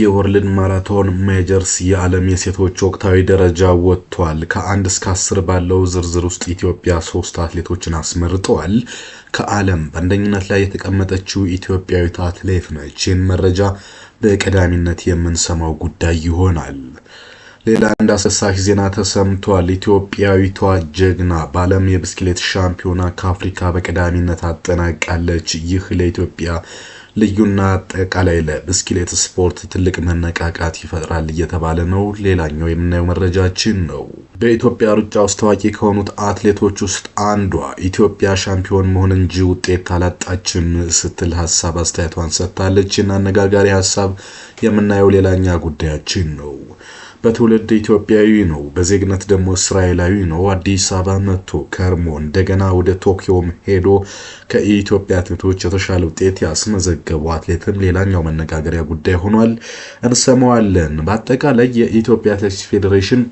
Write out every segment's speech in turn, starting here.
የወርልድ ማራቶን ሜጀርስ የዓለም የሴቶች ወቅታዊ ደረጃ ወጥቷል። ከአንድ እስከ አስር ባለው ዝርዝር ውስጥ ኢትዮጵያ ሶስት አትሌቶችን አስመርጠዋል። ከዓለም በአንደኝነት ላይ የተቀመጠችው ኢትዮጵያዊት አትሌት ነች። ይህን መረጃ በቀዳሚነት የምንሰማው ጉዳይ ይሆናል። ሌላ አንድ አስደሳች ዜና ተሰምቷል። ኢትዮጵያዊቷ ጀግና በዓለም የብስክሌት ሻምፒዮና ከአፍሪካ በቀዳሚነት አጠናቃለች። ይህ ለኢትዮጵያ ልዩና አጠቃላይ ለብስክሌት ስፖርት ትልቅ መነቃቃት ይፈጥራል እየተባለ ነው። ሌላኛው የምናየው መረጃችን ነው። በኢትዮጵያ ሩጫ ውስጥ ታዋቂ ከሆኑት አትሌቶች ውስጥ አንዷ ኢትዮጵያ ሻምፒዮን መሆን እንጂ ውጤት አላጣችም ስትል ሀሳብ አስተያየቷን ሰጥታለች። አነጋጋሪ ሀሳብ የምናየው ሌላኛ ጉዳያችን ነው። በትውልድ ኢትዮጵያዊ ነው፣ በዜግነት ደግሞ እስራኤላዊ ነው። አዲስ አበባ መጥቶ ከርሞ እንደገና ወደ ቶኪዮም ሄዶ ከኢትዮጵያ አትሌቶች የተሻለ ውጤት ያስመዘገቡ አትሌትም ሌላኛው መነጋገሪያ ጉዳይ ሆኗል። እንሰማዋለን። በአጠቃላይ የኢትዮጵያ አትሌቲክስ ፌዴሬሽን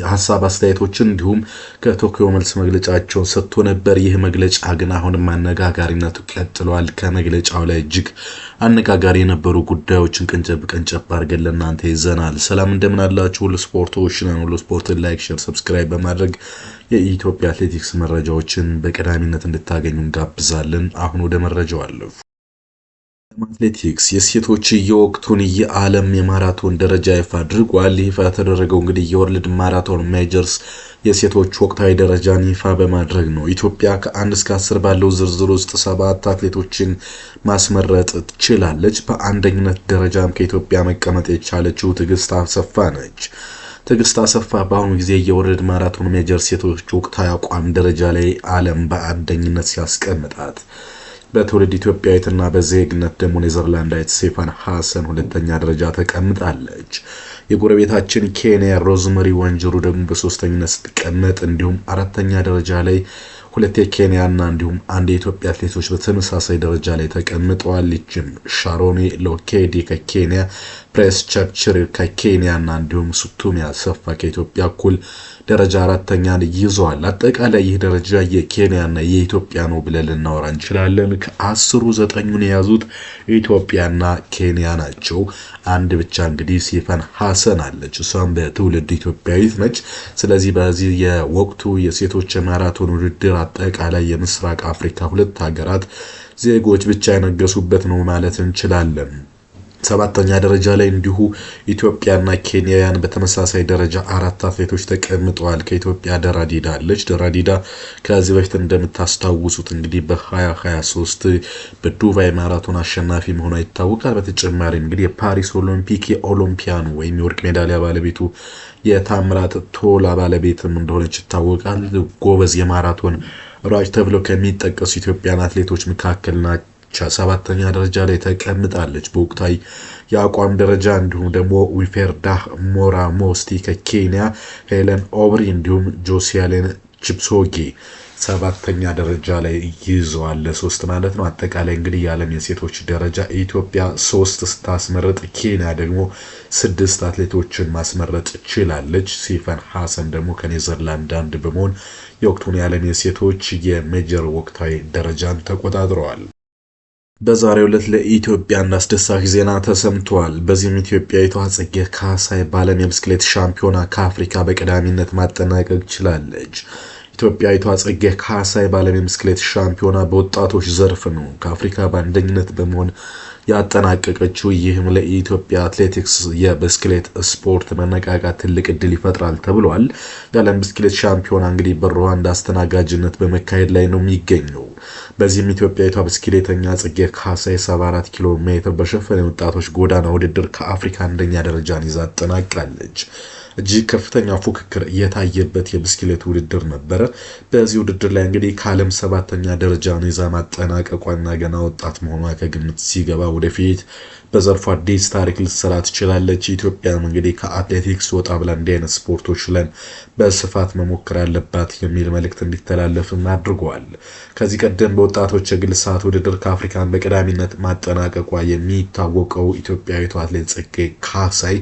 የሀሳብ አስተያየቶችን እንዲሁም ከቶኪዮ መልስ መግለጫቸውን ሰጥቶ ነበር። ይህ መግለጫ ግን አሁንም አነጋጋሪነቱ ቀጥሏል። ከመግለጫው ላይ እጅግ አነጋጋሪ የነበሩ ጉዳዮችን ቀንጨብ ቀንጨብ አድርገን ለእናንተ ይዘናል። ሰላም እንደምን አላችሁ? ሁሉ ስፖርቶች ነን። ሁሉ ስፖርትን ላይክ፣ ሼር፣ ሰብስክራይብ በማድረግ የኢትዮጵያ አትሌቲክስ መረጃዎችን በቀዳሚነት እንድታገኙ እንጋብዛለን። አሁን ወደ መረጃው አለፉ። አትሌቲክስ የሴቶች የወቅቱን የዓለም የማራቶን ደረጃ ይፋ አድርጓል። ይፋ የተደረገው እንግዲህ የወርልድ ማራቶን ሜጀርስ የሴቶች ወቅታዊ ደረጃን ይፋ በማድረግ ነው። ኢትዮጵያ ከአንድ እስከ አስር ባለው ዝርዝር ውስጥ ሰባት አትሌቶችን ማስመረጥ ትችላለች። በአንደኝነት ደረጃም ከኢትዮጵያ መቀመጥ የቻለችው ትዕግስት አሰፋ ነች። ትዕግስት አሰፋ በአሁኑ ጊዜ የወርልድ ማራቶን ሜጀርስ ሴቶች ወቅታዊ አቋም ደረጃ ላይ ዓለም በአንደኝነት ሲያስቀምጣት በትውልድ ኢትዮጵያዊትና በዜግነት ደግሞ ኔዘርላንዳዊት ስቴፋን ሐሰን ሁለተኛ ደረጃ ተቀምጣለች። የጎረቤታችን ኬንያ ሮዝመሪ ወንጀሩ ደግሞ በሶስተኝነት ስትቀመጥ፣ እንዲሁም አራተኛ ደረጃ ላይ ሁለት የኬንያና እንዲሁም አንድ የኢትዮጵያ አትሌቶች በተመሳሳይ ደረጃ ላይ ተቀምጠዋል። ይችም ሻሮኔ ሎኬዲ ከኬንያ ፕሬስ ቸርችል ከኬንያና እንዲሁም ሱቱሜ አሰፋ ከኢትዮጵያ እኩል ደረጃ አራተኛን ይዘዋል አጠቃላይ ይህ ደረጃ የኬንያና የኢትዮጵያ ነው ብለን ልናወራ እንችላለን። ከአስሩ ዘጠኙን የያዙት ኢትዮጵያና ኬንያ ናቸው። አንድ ብቻ እንግዲህ ሲፈን ሀሰን አለች። እሷም በትውልድ ኢትዮጵያዊት ነች። ስለዚህ በዚህ የወቅቱ የሴቶች የማራቶን ውድድር አጠቃላይ የምስራቅ አፍሪካ ሁለት ሀገራት ዜጎች ብቻ የነገሱበት ነው ማለት እንችላለን። ሰባተኛ ደረጃ ላይ እንዲሁ ኢትዮጵያና ኬንያውያን በተመሳሳይ ደረጃ አራት አትሌቶች ተቀምጠዋል። ከኢትዮጵያ ደራዲዳ አለች። ደራዲዳ ከዚህ በፊት እንደምታስታውሱት እንግዲህ በ2023 በዱባይ ማራቶን አሸናፊ መሆኗ ይታወቃል። በተጨማሪም እንግዲህ የፓሪስ ኦሎምፒክ የኦሎምፒያኑ ወይም የወርቅ ሜዳሊያ ባለቤቱ የታምራት ቶላ ባለቤትም እንደሆነች ይታወቃል። ጎበዝ የማራቶን ሯጭ ተብለው ከሚጠቀሱ ኢትዮጵያን አትሌቶች መካከል ናቸው። ሰባተኛ ደረጃ ላይ ተቀምጣለች። በወቅታዊ የአቋም ደረጃ እንዲሁም ደግሞ ዊፌርዳ ሞራ ሞስቲ ከኬንያ ሄለን ኦብሪ እንዲሁም ጆሲያሌን ችፕሶጌ ሰባተኛ ደረጃ ላይ ይዘዋል። ለሶስት ማለት ነው። አጠቃላይ እንግዲህ የዓለም የሴቶች ደረጃ ኢትዮጵያ ሶስት ስታስመረጥ ኬንያ ደግሞ ስድስት አትሌቶችን ማስመረጥ ችላለች። ሲፈን ሀሰን ደግሞ ከኔዘርላንድ አንድ በመሆን የወቅቱን የዓለም የሴቶች የሜጀር ወቅታዊ ደረጃን ተቆጣጥረዋል። በዛሬው ዕለት ለኢትዮጵያ አንድ አስደሳች ዜና ተሰምቷል። በዚህም ኢትዮጵያዊቷ ጽጌ ካሳይ በዓለም የብስክሌት ሻምፒዮና ከአፍሪካ በቀዳሚነት ማጠናቀቅ ችላለች። ኢትዮጵያዊቷ ጽጌ ካሳይ በዓለም የብስክሌት ሻምፒዮና በወጣቶች ዘርፍ ነው ከአፍሪካ በአንደኝነት በመሆን ያጠናቀቀችው። ይህም ለኢትዮጵያ አትሌቲክስ የብስክሌት ስፖርት መነቃቃት ትልቅ እድል ይፈጥራል ተብሏል። የዓለም ብስክሌት ሻምፒዮና እንግዲህ በሩዋንዳ አስተናጋጅነት በመካሄድ ላይ ነው የሚገኘው። በዚህም ኢትዮጵያዊቷ ብስክሌተኛ ጽጌ ካሳ የ74 ኪሎ ሜትር በሸፈነ ወጣቶች ጎዳና ውድድር ከአፍሪካ አንደኛ ደረጃን ይዛ አጠናቃለች። እጅግ ከፍተኛ ፉክክር የታየበት የብስክሌት ውድድር ነበረ። በዚህ ውድድር ላይ እንግዲህ ከዓለም ሰባተኛ ደረጃን ይዛ ማጠናቀቋና ገና ወጣት መሆኗ ከግምት ሲገባ ወደፊት በዘርፉ አዲስ ታሪክ ልትሰራ ትችላለች። ኢትዮጵያም እንግዲህ ከአትሌቲክስ ወጣ ብላ እንዲህ አይነት ስፖርቶች ለን በስፋት መሞከር አለባት የሚል መልእክት እንዲተላለፍም አድርጓል። ከዚህ ቀደም በወጣቶች የግል ሰዓት ውድድር ከአፍሪካን በቀዳሚነት ማጠናቀቋ የሚታወቀው ኢትዮጵያዊቷ አትሌት ጸጌ ካሳይ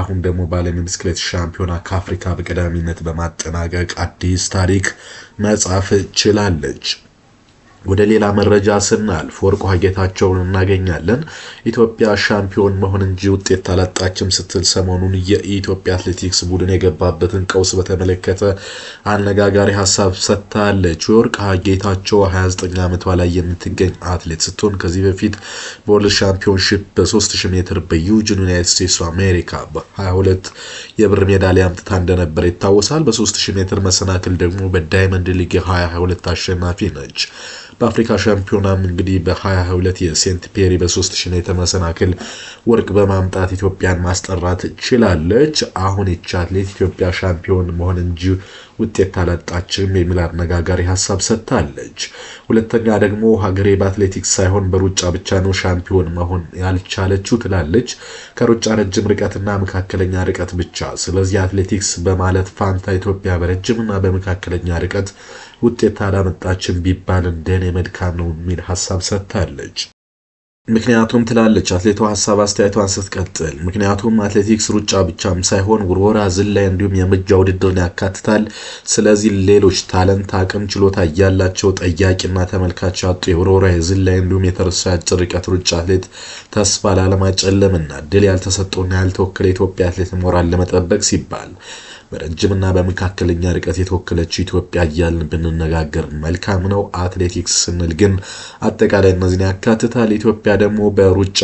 አሁን ደግሞ በዓለም የብስክሌት ሻምፒዮና ከአፍሪካ በቀዳሚነት በማጠናቀቅ አዲስ ታሪክ መጻፍ ችላለች። ወደ ሌላ መረጃ ስናልፍ ወርቁ ጌታቸውን እናገኛለን። ኢትዮጵያ ሻምፒዮን መሆን እንጂ ውጤት አላጣችም ስትል ሰሞኑን የኢትዮጵያ አትሌቲክስ ቡድን የገባበትን ቀውስ በተመለከተ አነጋጋሪ ሀሳብ ሰጥታለች። ወርቅ ጌታቸው 29 ዓመቷ ላይ የምትገኝ አትሌት ስትሆን ከዚህ በፊት በወርልድ ሻምፒዮንሺፕ በ3000 ሜትር በዩጅን ዩናይትድ ስቴትስ አሜሪካ በ22 የብር ሜዳሊያ አምጥታ እንደነበረ ይታወሳል። በ3000 ሜትር መሰናክል ደግሞ በዳይመንድ ሊግ የ22 አሸናፊ ነች። በአፍሪካ ሻምፒዮናም እንግዲህ በ 22 የሴንት ፔሪ በ3000 የተመሰናክል ወርቅ በማምጣት ኢትዮጵያን ማስጠራት ችላለች። አሁን ይቺ አትሌት ኢትዮጵያ ሻምፒዮን መሆን እንጂ ውጤት አላጣችም የሚል አነጋጋሪ ሀሳብ ሰጥታለች። ሁለተኛ ደግሞ ሀገሬ በአትሌቲክስ ሳይሆን በሩጫ ብቻ ነው ሻምፒዮን መሆን ያልቻለችው ትላለች። ከሩጫ ረጅም ርቀትና መካከለኛ ርቀት ብቻ። ስለዚህ አትሌቲክስ በማለት ፋንታ ኢትዮጵያ በረጅምና በመካከለኛ ርቀት ውጤት አላመጣችም ቢባል እንደኔ መድካም ነው የሚል ሀሳብ ሰጥታለች። ምክንያቱም ትላለች አትሌቷ ሀሳብ አስተያየቷን ስትቀጥል። ምክንያቱም አትሌቲክስ ሩጫ ብቻም ሳይሆን ውርወራ፣ ዝላይ እንዲሁም የምጃ ውድድርን ያካትታል። ስለዚህ ሌሎች ታለንት፣ አቅም፣ ችሎታ እያላቸው ጠያቂና ተመልካች ያጡ የውርወራ፣ የዝላይ እንዲሁም የተረሳ አጭር ርቀት ሩጫ አትሌት ተስፋ ላለማጨለምና ድል ያልተሰጠውና ያልተወከለ የኢትዮጵያ አትሌት ሞራል ለመጠበቅ ሲባል በረጅምና በመካከለኛ ርቀት የተወከለች ኢትዮጵያ እያልን ብንነጋገር መልካም ነው። አትሌቲክስ ስንል ግን አጠቃላይ እነዚህን ያካትታል። ኢትዮጵያ ደግሞ በሩጫ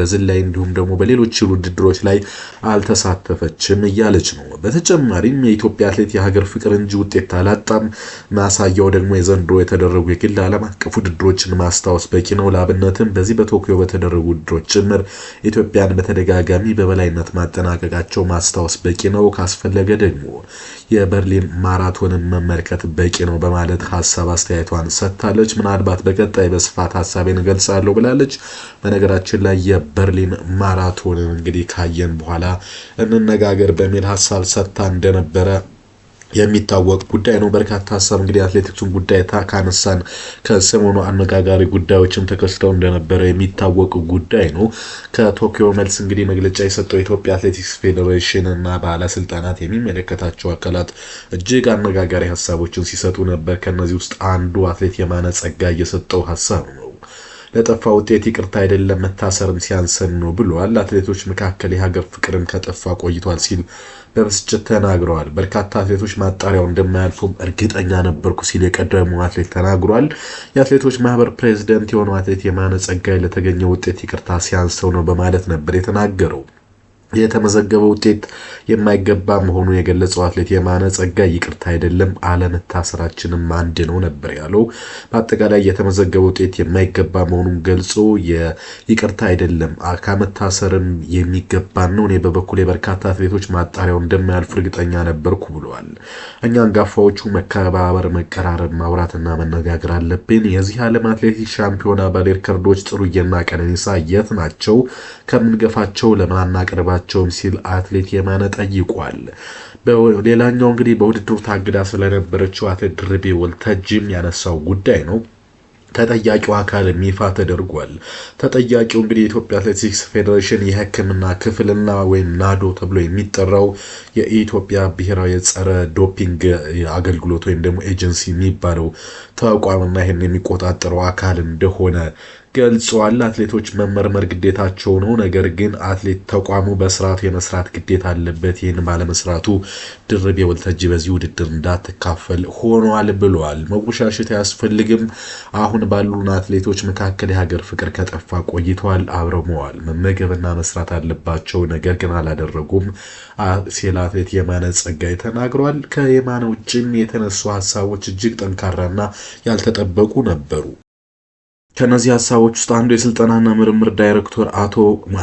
በዝላይ እንዲሁም ደግሞ በሌሎች ውድድሮች ላይ አልተሳተፈችም እያለች ነው። በተጨማሪም የኢትዮጵያ አትሌት የሀገር ፍቅር እንጂ ውጤት አላጣም። ማሳያው ደግሞ የዘንድሮ የተደረጉ የግል ዓለም አቀፍ ውድድሮችን ማስታወስ በቂ ነው። ላብነትም በዚህ በቶኪዮ በተደረጉ ውድድሮች ጭምር ኢትዮጵያን በተደጋጋሚ በበላይነት ማጠናቀቃቸው ማስታወስ በቂ ነው። ካስፈለገ ደግሞ የበርሊን ማራቶንን መመልከት በቂ ነው በማለት ሀሳብ አስተያየቷን ሰጥታለች። ምናልባት በቀጣይ በስፋት ሀሳቤን እገልጻለሁ ብላለች። በነገራችን ላይ የበርሊን ማራቶንን እንግዲህ ካየን በኋላ እንነጋገር በሚል ሀሳብ ሰጥታ እንደነበረ የሚታወቅ ጉዳይ ነው። በርካታ ሀሳብ እንግዲህ አትሌቲክሱን ጉዳይ ካነሳን ከሰሞኑ አነጋጋሪ ጉዳዮችም ተከስተው እንደነበረ የሚታወቅ ጉዳይ ነው። ከቶኪዮ መልስ እንግዲህ መግለጫ የሰጠው የኢትዮጵያ አትሌቲክስ ፌዴሬሽን እና ባለስልጣናት የሚመለከታቸው አካላት እጅግ አነጋጋሪ ሀሳቦችን ሲሰጡ ነበር። ከነዚህ ውስጥ አንዱ አትሌት የማነ ጸጋ እየሰጠው ሀሳብ ነው። ለጠፋ ውጤት ይቅርታ አይደለም መታሰርን ሲያንሰን ነው ብለዋል። አትሌቶች መካከል የሀገር ፍቅርን ከጠፋ ቆይቷል ሲል በብስጭት ተናግረዋል። በርካታ አትሌቶች ማጣሪያው እንደማያልፉም እርግጠኛ ነበርኩ ሲል የቀደሙ አትሌት ተናግሯል። የአትሌቶች ማህበር ፕሬዚደንት የሆነው አትሌት የማነ ጸጋይ ለተገኘ ውጤት ይቅርታ ሲያንሰው ነው በማለት ነበር የተናገረው። የተመዘገበ ውጤት የማይገባ መሆኑን የገለጸው አትሌት የማነ ጸጋ ይቅርታ አይደለም አለመታሰራችንም አንድ ነው ነበር ያለው። በአጠቃላይ የተመዘገበ ውጤት የማይገባ መሆኑን ገልጾ ይቅርታ አይደለም ከመታሰርም የሚገባ ነው። እኔ በበኩሌ በርካታ አትሌቶች ማጣሪያው እንደማያልፍ እርግጠኛ ነበርኩ ብለዋል። እኛ አንጋፋዎቹ መከባበር፣ መቀራረብ፣ ማውራትና መነጋገር አለብን። የዚህ ዓለም አትሌቲክስ ሻምፒዮና ባለ ሪከርዶች ጥሩዬና ቀነኒሳ የት ናቸው? ከምንገፋቸው ለማናቀርባቸው ናቸውም ሲል አትሌት የማነ ጠይቋል። ሌላኛው እንግዲህ በውድድሩ ታግዳ ስለነበረችው አትሌት ድርቤ ወልተጅም ያነሳው ጉዳይ ነው። ተጠያቂው አካል ይፋ ተደርጓል። ተጠያቂው እንግዲህ የኢትዮጵያ አትሌቲክስ ፌዴሬሽን የሕክምና ክፍልና ወይም ናዶ ተብሎ የሚጠራው የኢትዮጵያ ብሔራዊ የጸረ ዶፒንግ አገልግሎት ወይም ደግሞ ኤጀንሲ የሚባለው ተቋምና ይህን የሚቆጣጠረው አካል እንደሆነ ገልጿል። አትሌቶች መመርመር ግዴታቸው ነው። ነገር ግን አትሌት ተቋሙ በስርዓቱ የመስራት ግዴታ አለበት። ይህን ባለመስራቱ ድርቤ ወልተጂ በዚህ ውድድር እንዳትካፈል ሆኗል ብለዋል። መወሻሸት አያስፈልግም። አሁን ባሉን አትሌቶች መካከል የሀገር ፍቅር ከጠፋ ቆይተዋል። አብረመዋል። መመገብና መስራት አለባቸው። ነገር ግን አላደረጉም ሲል አትሌት የማነ ጸጋይ ተናግሯል። ከየማነ ውጭም የተነሱ ሀሳቦች እጅግ ጠንካራና ያልተጠበቁ ነበሩ። ከእነዚህ ሀሳቦች ውስጥ አንዱ የስልጠናና ምርምር ዳይሬክተር አቶ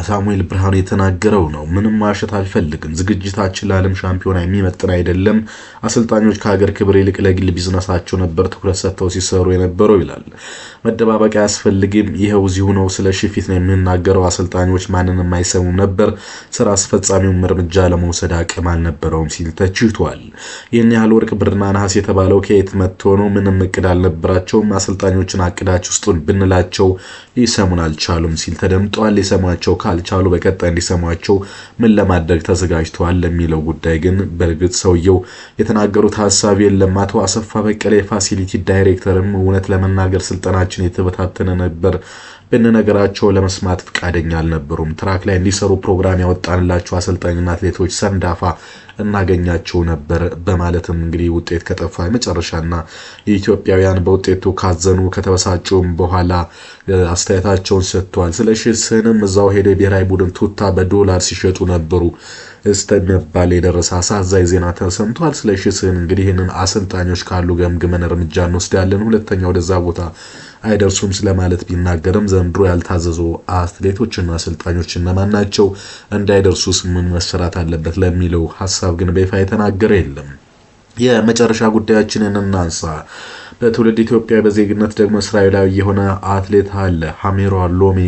ሳሙኤል ብርሃኑ የተናገረው ነው። ምንም ማሸት አልፈልግም። ዝግጅታችን ለዓለም ሻምፒዮና የሚመጥን አይደለም። አሰልጣኞች ከሀገር ክብር ይልቅ ለግል ቢዝነሳቸው ነበር ትኩረት ሰጥተው ሲሰሩ የነበረው ይላል። መደባበቅ አያስፈልግም። ይኸው እዚሁ ነው። ስለ ሽፊት ነው የምንናገረው። አሰልጣኞች ማንንም አይሰሙም ነበር። ስራ አስፈጻሚውም እርምጃ ለመውሰድ አቅም አልነበረውም ሲል ተችቷል። ይህን ያህል ወርቅ፣ ብርና ነሐስ የተባለው ከየት መጥቶ ነው? ምንም እቅድ አልነበራቸውም። አሰልጣኞችን አቅዳች ውስጡን ስንላቸው ሊሰሙን አልቻሉም ሲል ተደምጧል። ሊሰማቸው ካልቻሉ በቀጣይ እንዲሰማቸው ምን ለማድረግ ተዘጋጅተዋል ለሚለው ጉዳይ ግን በእርግጥ ሰውየው የተናገሩት ሀሳብ የለም። አቶ አሰፋ በቀለ የፋሲሊቲ ዳይሬክተርም እውነት ለመናገር ስልጠናችን የተበታተነ ነበር ብንነግራቸው ለመስማት ፍቃደኛ አልነበሩም። ትራክ ላይ እንዲሰሩ ፕሮግራም ያወጣንላቸው አሰልጣኝና አትሌቶች ሰንዳፋ እናገኛቸው ነበር በማለትም እንግዲህ ውጤት ከጠፋ የመጨረሻና ኢትዮጵያውያን በውጤቱ ካዘኑ ከተበሳጩም በኋላ አስተያየታቸውን ሰጥተዋል። ስለ ሽስህንም እዛው ሄደ ብሔራዊ ቡድን ቱታ በዶላር ሲሸጡ ነበሩ እስተነባል የደረሰ አሳዛኝ ዜና ተሰምቷል። ስለ ሽስህን እንግዲህ ይህንን አሰልጣኞች ካሉ ገምግመን እርምጃ እንወስዳለን። ሁለተኛ ወደዛ ቦታ አይደርሱም ስለማለት ቢናገርም ዘንድሮ ያልታዘዙ አትሌቶችና አሰልጣኞች እነማን ናቸው፣ እንዳይደርሱስ ምን መሰራት አለበት ለሚለው ሀሳብ ግን በይፋ የተናገረ የለም። የመጨረሻ ጉዳያችንን እናንሳ። በትውልድ ኢትዮጵያ በዜግነት ደግሞ እስራኤላዊ የሆነ አትሌት አለ። ሀሜሯ ሎሜ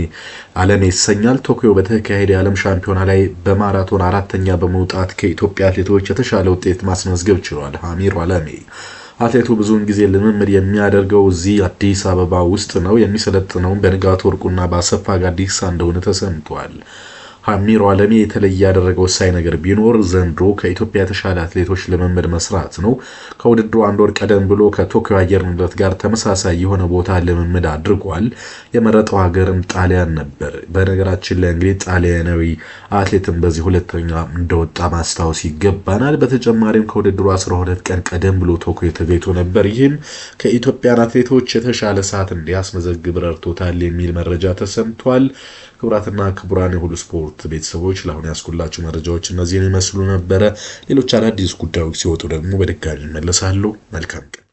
አለም ይሰኛል። ቶኪዮ በተካሄደ የዓለም ሻምፒዮና ላይ በማራቶን አራተኛ በመውጣት ከኢትዮጵያ አትሌቶች የተሻለ ውጤት ማስመዝገብ ችሏል። ሀሜሮ አለሜ አትሌቱ ብዙውን ጊዜ ልምምድ የሚያደርገው እዚህ አዲስ አበባ ውስጥ ነው። የሚሰለጥነውም በንጋት ወርቁና በአሰፋ ጋዲሳ እንደሆነ ተሰምቷል። ሀሚሮ አለሜ የተለየ ያደረገው ወሳኝ ነገር ቢኖር ዘንድሮ ከኢትዮጵያ የተሻለ አትሌቶች ልምምድ መስራት ነው። ከውድድሩ አንድ ወር ቀደም ብሎ ከቶኪዮ አየር ንብረት ጋር ተመሳሳይ የሆነ ቦታ ልምምድ አድርጓል። የመረጠው ሀገርም ጣሊያን ነበር። በነገራችን ላይ እንግዲህ ጣሊያናዊ አትሌትም በዚህ ሁለተኛ እንደወጣ ማስታወስ ይገባናል። በተጨማሪም ከውድድሩ 12 ቀን ቀደም ብሎ ቶኪዮ ተገኝቶ ነበር። ይህም ከኢትዮጵያን አትሌቶች የተሻለ ሰዓት እንዲያስመዘግብ ረድቶታል የሚል መረጃ ተሰምቷል። ክቡራትና ክቡራን የሁሉ ስፖርት ቤተሰቦች ለአሁን ያስኩላችሁ መረጃዎች እነዚህን ይመስሉ ነበረ። ሌሎች አዳዲስ ጉዳዮች ሲወጡ ደግሞ በድጋሚ ይመለሳሉ። መልካም ቀን